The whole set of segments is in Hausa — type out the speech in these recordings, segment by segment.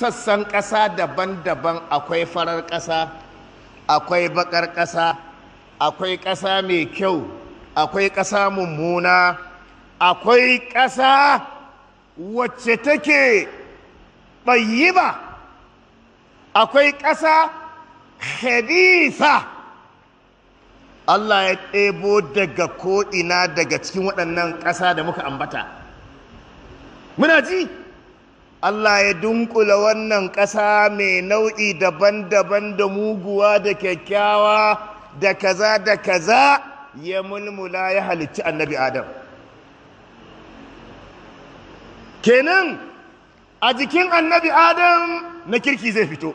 sassan ƙasa daban-daban akwai farar ƙasa akwai baƙar ƙasa akwai ƙasa mai kyau akwai ƙasa mummuna akwai ƙasa wacce take ɓayyiba akwai ƙasa hadisa Allah ya ɗebo daga ko'ina daga cikin waɗannan ƙasa da muka ambata muna ji Allah ya dunkula wannan ƙasa mai nau'i daban-daban da muguwa da kyakkyawa da kaza da kaza ya mulmula ya halicci annabi Adam. Kenan a jikin annabi Adam na kirki zai fito,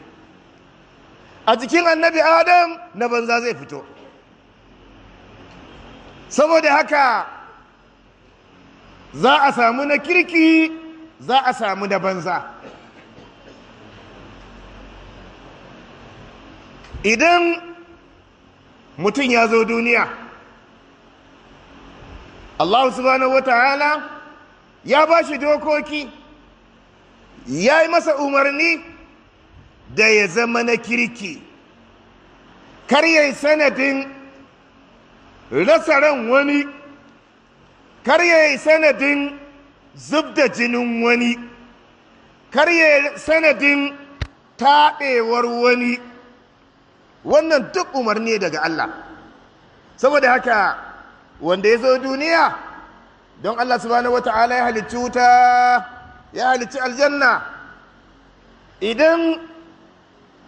a jikin annabi Adam na banza zai fito. Saboda haka za a samu na kirki za a samu da banza idan mutum ya zo duniya allahu subhanahu wa ta'ala ya ba shi dokoki ya yi masa umarni da ya zama na kirki kar sanadin rasa wani kar sanadin zub da jinin wani karye sanadin taɓewar wani wannan duk umarni daga Allah saboda haka wanda ya zo duniya don Allah subhanahu wata'ala ya halicci wuta ya halicci aljanna idan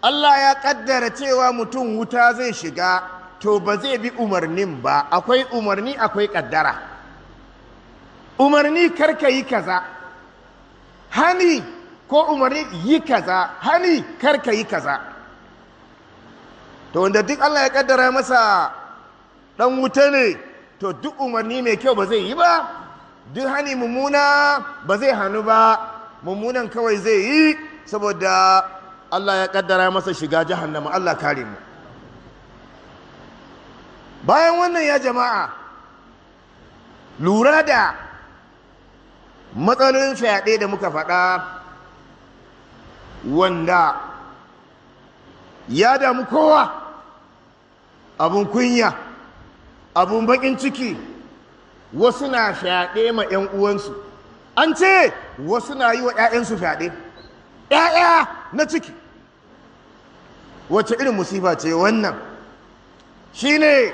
Allah ya kaddara cewa mutum wuta zai shiga to ba zai bi umarnin ba akwai umarni akwai kaddara umarni karka yi kaza hani ko umarni yi kaza hani karka yi kaza to wanda duk Allah ya kaddara masa dan wuta ne to duk umarni mai kyau ba zai yi ba duk hani mummuna ba zai hannu ba mummunan kawai zai yi saboda Allah ya kaddara masa shiga jahannama Allah kare mu bayan wannan ya jama'a lura da matsalolin fyaɗe da muka faɗa wanda ya damu kowa abin kunya abin baƙin ciki wasu na fyaɗe ma 'yan uwansu an ce wasu na yi wa 'ya'yansu fyaɗe 'ya'ya na ciki wacce irin musifa ce wannan shine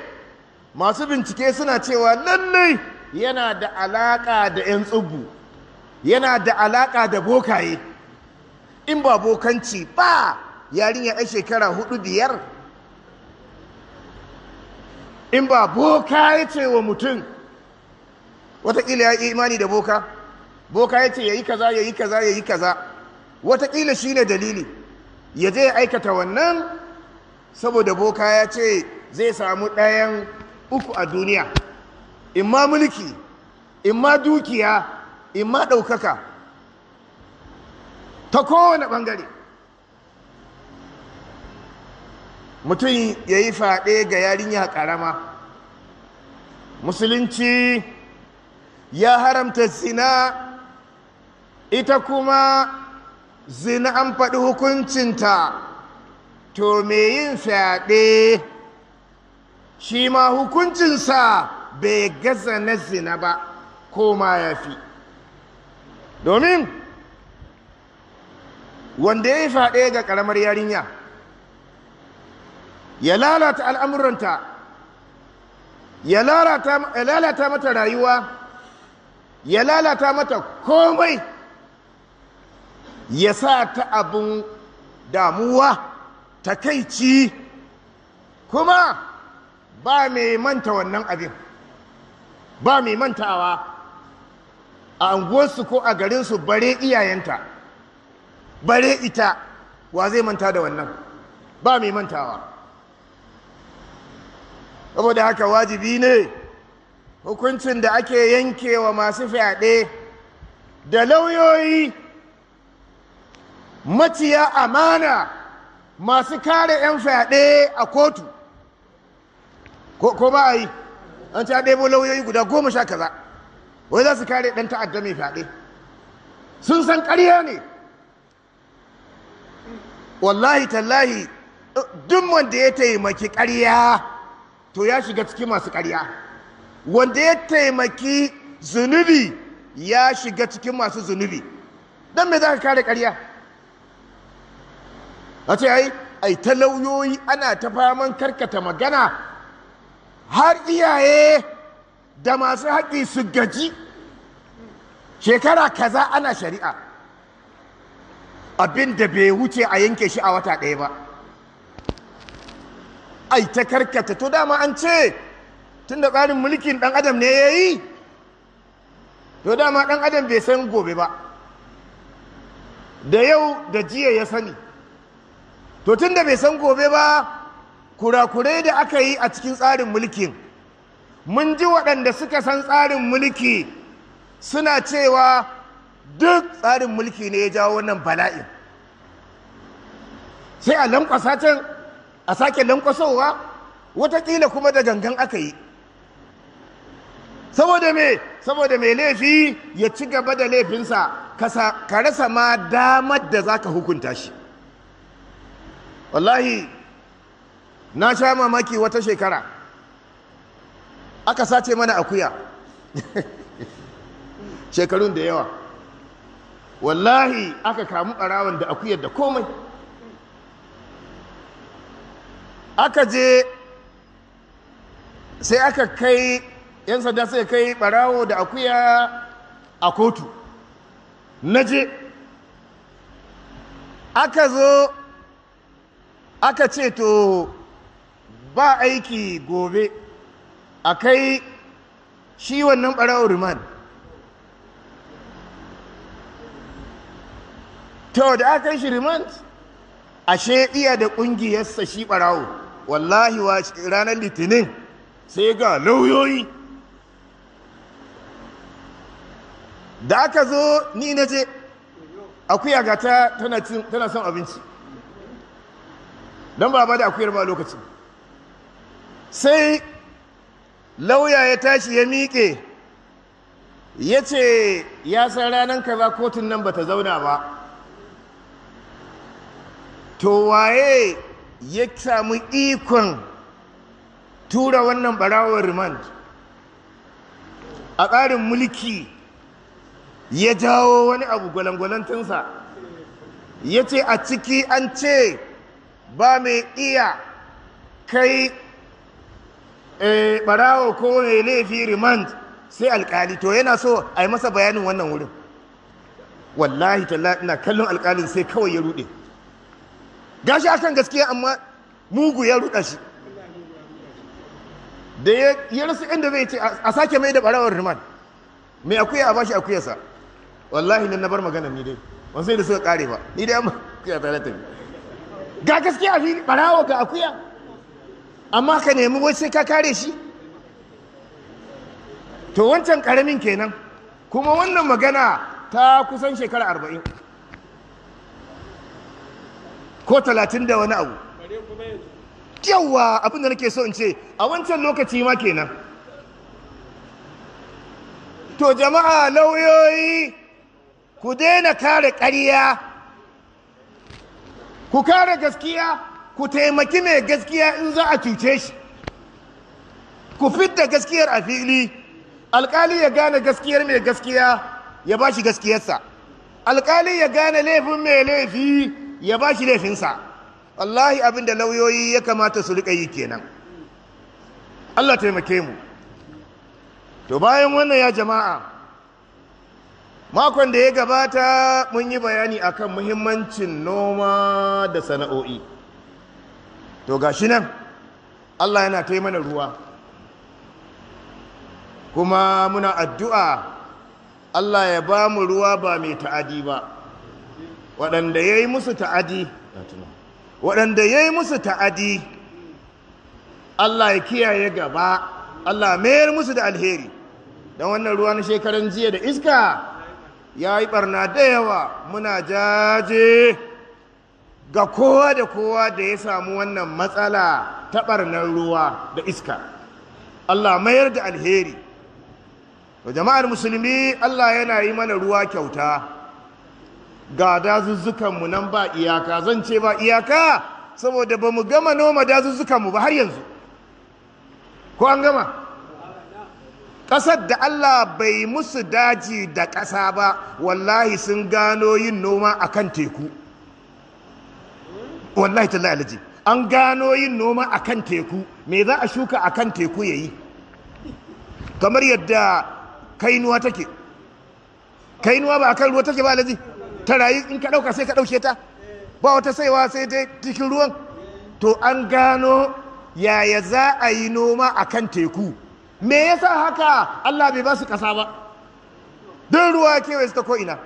masu bincike suna cewa lallai yana da alaƙa da 'yan tsubu yana da alaƙa da bokaye in ba bokanci ba yarinya ɗan shekara hudu biyar in ba boka ya ce wa mutum watakila ya yi imani da boka boka ya ce ya yi kaza ya yi kaza ya yi kaza watakila shi ne dalili ya je ya aikata wannan saboda boka ya ce zai samu ɗayan uku a duniya ma mulki ma dukiya in ma ɗaukaka ta kowane ɓangare mutum ya yi faɗe ga yarinya ƙarama musulunci ya haramta zina ita kuma zina an faɗi hukuncinta to me yin fyaɗe shi ma hukuncinsa bai gaza na zina ba ko ma ya fi domin wanda ya yi faɗe ga ƙaramar yarinya ya lalata al'amuranta ya lalata mata rayuwa ya lalata mata komai ya sa ta abin damuwa takaici kuma ba mai manta wannan abin ba mai mantawa a anguwarsu ko a garinsu bare iyayenta bare ita wa zai manta da wannan ba mai mantawa saboda haka wajibi ne hukuncin da ake yankewa masu fyaɗe da lauyoyi maciya amana masu kare 'yan fyaɗe a kotu ko ba a yi an ta ɗebo lauyoyi guda goma sha kaza wai za su kare ɗan ta'adda mai fyaɗe sun san ƙarya ne wallahi tallahi duk wanda ya taimaki ƙarya to ya shiga cikin masu ƙarya wanda ya taimaki zunubi ya shiga cikin masu zunubi don me za ka kare ƙarya a ce ai ai talauyoyi ana ta faman karkata magana har iyaye da masu haƙƙi su gaji shekara kaza ana shari'a abin da bai wuce a yanke shi a wata ɗaya ba ai ta karkata to dama an ce tun da tsarin mulkin ɗan adam ne ya yi to dama ɗan adam bai san gobe ba da yau da jiya ya sani to tun da bai san gobe ba kurakurai da aka yi a cikin tsarin mulkin mun ji waɗanda suka san tsarin mulki suna cewa duk tsarin mulki ne ya jawo wannan bala'in sai a lankwasa can a sake lankwasowa watakila kuma da gangan aka yi saboda mai saboda mai laifi ya ci gaba da laifinsa ka rasa ma damar da za ka hukunta shi wallahi na sha mamaki wata shekara aka sace mana akuya shekarun da yawa wallahi aka kamu ɓarawan da akuyar da komai aka je sai aka kai yan sanda sai kai ɓarawo da akuya a kotu na je aka zo aka ce to ba aiki gobe a kai shi wannan ɓarawar riman to da aka yi shi riman ashe iya da ƙungiyarsa shi barawo, wallahi wa ranar litinin sai ga lauyoyi da aka zo ni na je akuya ga tana son abinci don ba ba da akuyar ba lokacin sai lauya ya tashi ya miƙe ya ce ya san ranar kaza kotun nan ta zauna ba to waye ya samu ikon tura wannan barawar remand a tsarin mulki ya jawo wani abu gwalangwalantinsa ya ce a ciki an ce ba mai iya kai eh barawo ko mai laifi remand sai alkali to yana so a yi masa bayanin wannan wurin wallahi talla ina kallon alkalin sai kawai ya rude gashi akan gaskiya amma mugu ya ruda shi da ya rasu inda zai ce a sake mai da barawar remand mai akuya a bashi akuyarsa wallahi na bar magana ni dai wanzu da suka kare ba ni dai amma kuya tare ta ga gaskiya fi barawo ga akuya amma ka nemi wai sai ka kare shi to wancan karamin kenan kuma wannan magana ta kusan shekara arba'in ko talatin da wani abu yawa abinda nake so in ce a wancan lokaci ma kenan to jama'a lauyoyi ku daina kare ƙarya ku kare gaskiya ku taimaki mai gaskiya in za a cuce shi ku fidda gaskiyar a fili alkali ya gane gaskiyar mai gaskiya ya ba shi gaskiyarsa alkali ya gane laifin mai laifi ya ba shi laifinsa wallahi abin da lauyoyi ya kamata su riƙa yi kenan allah taimake mu to bayan wannan ya jama'a makon da ya gabata mun yi bayani akan muhimmancin noma da sana'o'i to ga shi nan Allah yana kai mana ruwa kuma muna addu'a Allah ya ba mu ruwa ba mai ta'adi ba waɗanda ya yi musu ta'adi waɗanda ya yi musu ta'adi Allah ya kiyaye gaba Allah mayar musu da alheri don wannan ruwa na shekaran jiya da iska ya yi ɓarna da yawa muna jaje ga kowa da kowa da ya samu wannan matsala ta ɓarnar ruwa da iska Allah mayar da alheri da jama'ar musulmi Allah yana yi mana ruwa kyauta ga dazuzzukanmu nan ba iyaka zan ce ba iyaka saboda ba mu gama noma dazuzzukanmu ba har yanzu ko an gama ƙasar da Allah bai musu daji da ƙasa ba wallahi sun gano yin noma a kan teku wallahi tallahi alaji an gano yin noma a kan teku me za a shuka a kan teku ya yi? kamar yadda kainuwa take kainuwa ba a kan ruwa take ba alaji ta rayu in ka ɗauka sai ka dauke ta ba wata saiwa sai dai cikin ruwan to an gano yaya za a yi noma a kan teku me yasa haka Allah bai ba su kasa ba don ruwa kewaye su ta koina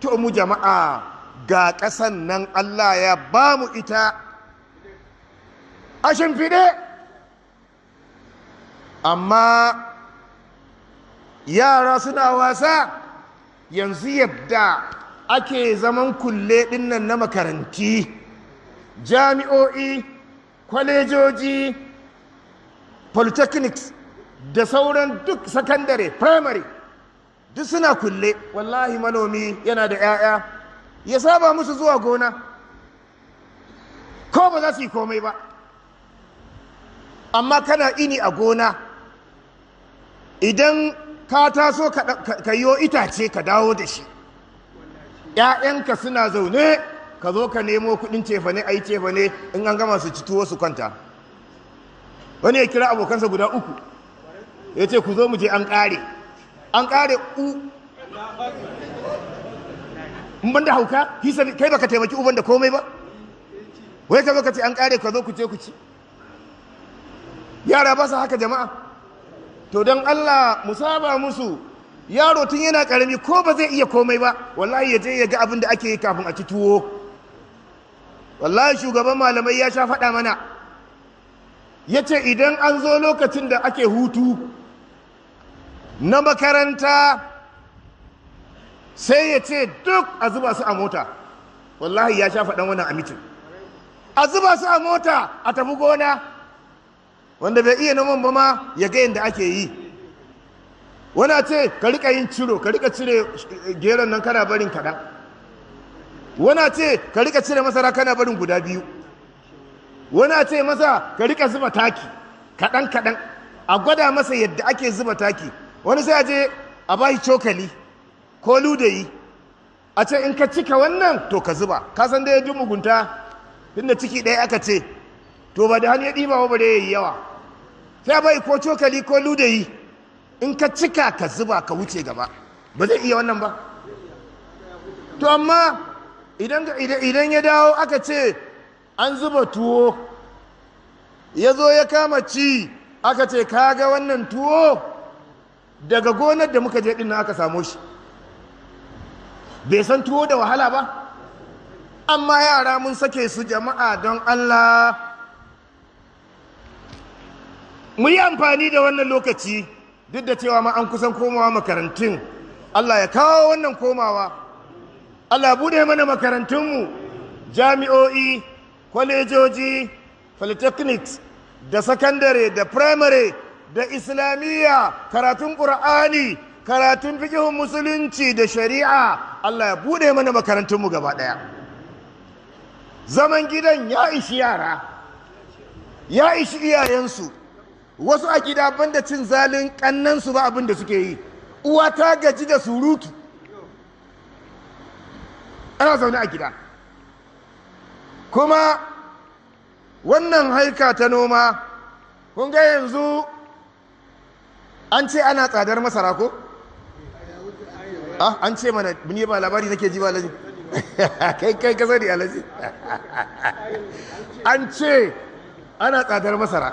to mu jama'a ga ƙasan nan Allah ya ba mu ita a shimfiɗe amma yara suna wasa yanzu yadda ake zaman kulle ɗinnan na makaranti jami'o'i kwalejoji polytechnics da sauran duk sakandare primary duk suna kulle wallahi manomi yana da 'ya'ya ya saba musu zuwa gona ko ba za su yi komai ba amma kana ini a gona idan ka taso ka yi itace ka dawo da shi ‘ya'yanka suna zaune ka zo ka nemo kudin ne, a yi cefa ne, in an gama su ci tuwo su kwanta wani ya kira abokansa guda uku ya ce ku zo mu je an ƙare an ƙare u in ban da hauka kai baka taimaki uban da komai ba wai ka lokaci an kare ka zo ku je ku ci yara ba su haka jama'a to dan Allah mu saba musu yaro tun yana karami ko ba zai iya komai ba wallahi ya je ya ga abin da ake yi kafin a ci tuwo wallahi shugaban malamai ya sha faɗa mana ya ce idan an zo lokacin da ake hutu na makaranta sai ya ce duk a zuba su a mota wallahi ya sha faɗan wannan a a zuba su a mota a tafi gona wanda bai iya noman ba ma ya ga yadda ake yi wani ce ka rika yin ciro ka rika cire eh, geron nan kana barin kaɗan wani ce ka rika cire masara kana barin guda biyu wani a ce masa ka rika zuba taki kaɗan kaɗan a gwada masa yadda ake zuba taki wani sai a je a bashi cokali ko ludayi a ce in ka cika wannan to ka zuba kasan da ya ji mugunta inda ciki ɗaya aka ce to ba da hannu ya ɗiba ba da ya yi yawa sai bai ko cokali ko ludayi in ka cika ka zuba ka wuce gaba ba zai iya wannan ba to amma idan ya dawo aka ce an zuba tuwo ya zo ya kama ci aka ce ka ga wannan tuwo daga gonar da muka je ɗin aka samo shi bai san tuwo da wahala ba amma yara mun sake su jama'a don allah mu yi amfani da wannan lokaci duk da cewa ma an kusan komawa makarantun allah ya kawo wannan komawa allah ya bude mana makarantunmu jami'o'i kwalejoji polytechnics da sakandare da primary da islamiyya karatun ƙur'ani karatun fikihun musulunci da shari'a Allah ya bude mana makarantunmu gaba daya zaman gidan ya ishi yara ya ishi iyayensu wasu a gida banda cin zalin kannansu ba abin da suke yi uwa ta gaji da surutu ana zaune a gida kuma wannan haika ta noma kun ga yanzu an ce ana tsadar masara ko? ah an ce mana ni ba labari nake ji ba alaji kai kai ka sani alaji an ce ana tsadar masara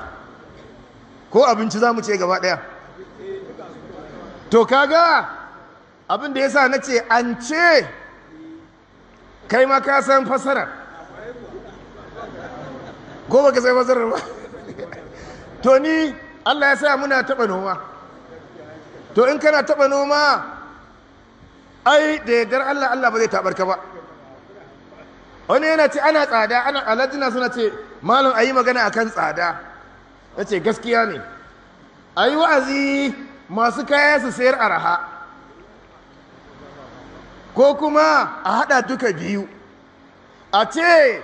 ko abinci za mu ce gaba daya to kaga abin da ya sa na ce an ce kai ma ka san fasara ko ka san fasarar ba to ni Allah ya sa muna taba noma to in kana taba noma ai da yardar Allah Allah ba zai tabar ba wani yana ce ana tsada ana aladina suna ce malam ayi magana akan tsada ya ce gaskiya ne ayi wa'azi masu kaya su sayar araha ko kuma a haɗa duka biyu a ce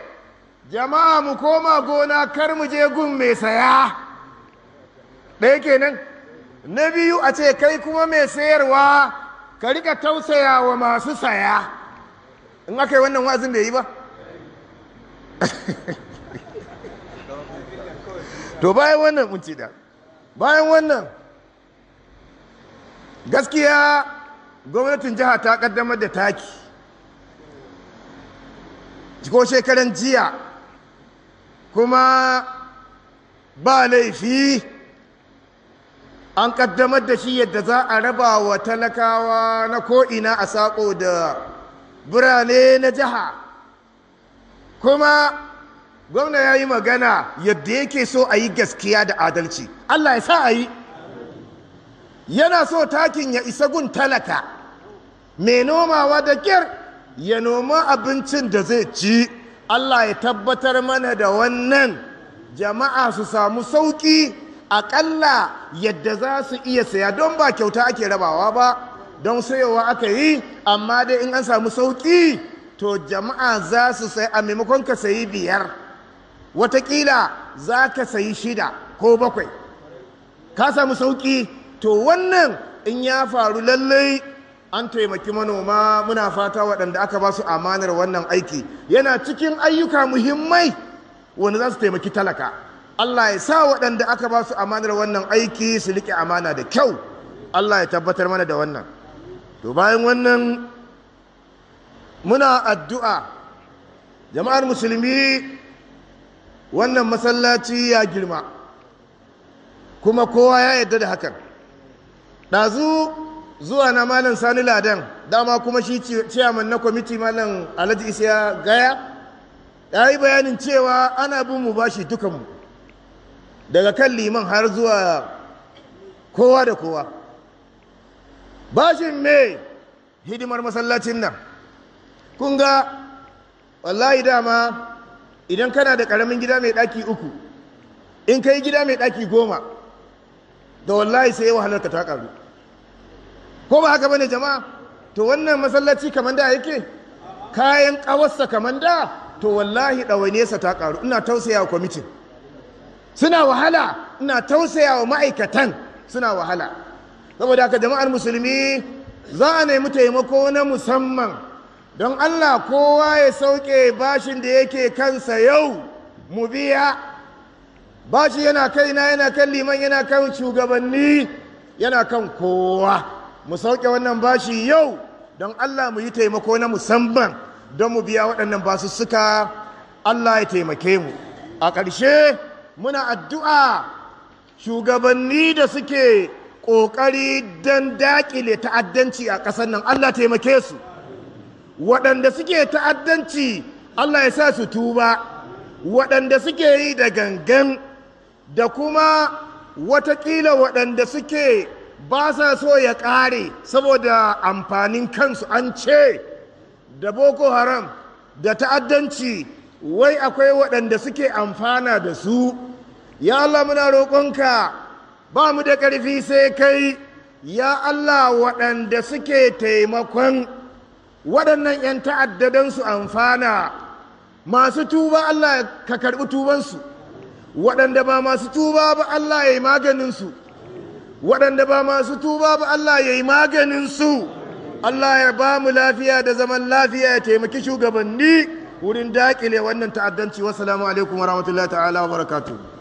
jama'a mu koma gona kar mu je gun mai saya ɗaya kenan na biyu a ce kai kuma mai sayarwa ka rika tausaya wa masu saya in aka yi wannan wazin bai yi ba to bayan wannan kunci da bayan wannan gaskiya gwamnatin jiha ta kaddamar da taki ko shekaran jiya kuma ba laifi an kaddamar da shi yadda za a raba wa talakawa na ko'ina a saƙo da birane na jiha kuma gwamna ya yi magana yadda yake so a yi gaskiya da adalci allah ya sa a yi yana so takin ya isa gun talaka mai nomawa da kyar ya noma abincin da zai ci allah ya tabbatar mana da wannan jama'a su samu sauƙi aƙalla yadda za su iya saya don ba kyauta ake rabawa ba don sayowa aka yi amma dai in an samu sauƙi to jama'a za su sai a maimakon ka sayi biyar watakila za ka sayi shida ko bakwai ka samu sauƙi to wannan in ya faru lallai an taimaki manoma muna fata waɗanda aka ba su amanar wannan aiki yana cikin ayyuka muhimmai wanda za su taimaki talaka Allah ya sa waɗanda aka ba su amanar wannan aiki su riƙe amana da kyau Allah ya tabbatar mana da wannan to bayan wannan muna addu'a jama'ar musulmi wannan masallaci ya girma kuma kowa ya yadda da hakan ɗazu zuwa na malam sani ladan dama kuma shi ciyaman na kwamiti malam alhaji isa gaya ya yi bayanin cewa ana bin mu bashi dukanmu daga kan liman har zuwa kowa da kowa bashin me hidimar masallacin nan kun ga wallahi dama idan kana da ƙaramin gida mai ɗaki uku in ka gida mai ɗaki goma da wallahi sai wahalar ka ta ƙaru ko ba haka bane jama'a to wannan masallaci kamar da yake kayan ƙawarsa kamar da to wallahi ɗawainiyarsa ta karu ina tausaya wa kwamitin suna wahala ina tausaya wa ma'aikatan suna wahala saboda haka jama'ar musulmi za a nemi taimako na musamman don allah kowa ya sauke bashin da yake kansa yau mu biya bashi yana kaina yana kan liman yana kan shugabanni yana kan kowa mu sauke wannan bashi yau don allah mu yi taimako na musamman don mu biya waɗannan basussuka allah ya taimake mu a ƙarshe muna addu'a shugabanni da suke ƙoƙari don daƙile ta'addanci a ƙasar nan allah taimake su waɗanda suke ta'addanci allah ya sa su tuba waɗanda suke yi da gangan da kuma watakila waɗanda suke ba sa so ya ƙare saboda amfanin kansu an ce da boko haram da ta'addanci wai akwai waɗanda suke amfana da su ya Allah muna roƙonka ba mu da ƙarfi sai kai ya Allah waɗanda suke taimakon waɗannan 'yan ta'addadansu amfana masu tuba Allah ka karɓi tubansu waɗanda ba masu tuba ba Allah ya yi maganinsu waɗanda ba masu tuba ba Allah ya yi maganinsu Allah ya ba mu lafiya da zaman lafiya ya taimaki shugabanni wurin daƙile wannan ta'addanci wasu alaikum wa rahmatullahi ta'ala wa barakatuhu